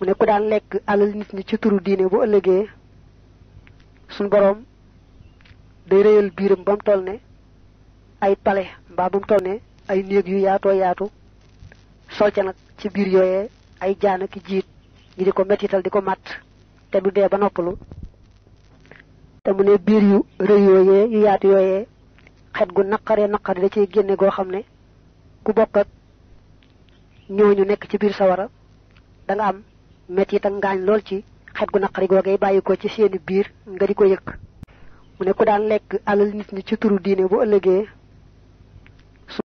mu ne ku daan lekk alal nit ñi ci turu diine bu ëllëgee sun borom day réyal biiram ba mu toll ne ay pale mbaa ba mu toll ne ay néeg yu yaatoo yaatu sol ca nag ci biir yooyee ay jaan ak jiit ñi di ko mettital di ko màtt te du dee ba noppalu te mu ne biir yu rëy yooyee yu yaatu yooyee xet gu da génne goo xam ku bokk ak ñooñu ci biir sawara da nga am metit ak ngaañ lool ci xet gu naqari googee bàyyi ko ci seeni biir nga di ko yëkk mu ne ku daan lekk alal nit ñi ci turu diine bu ëllëgee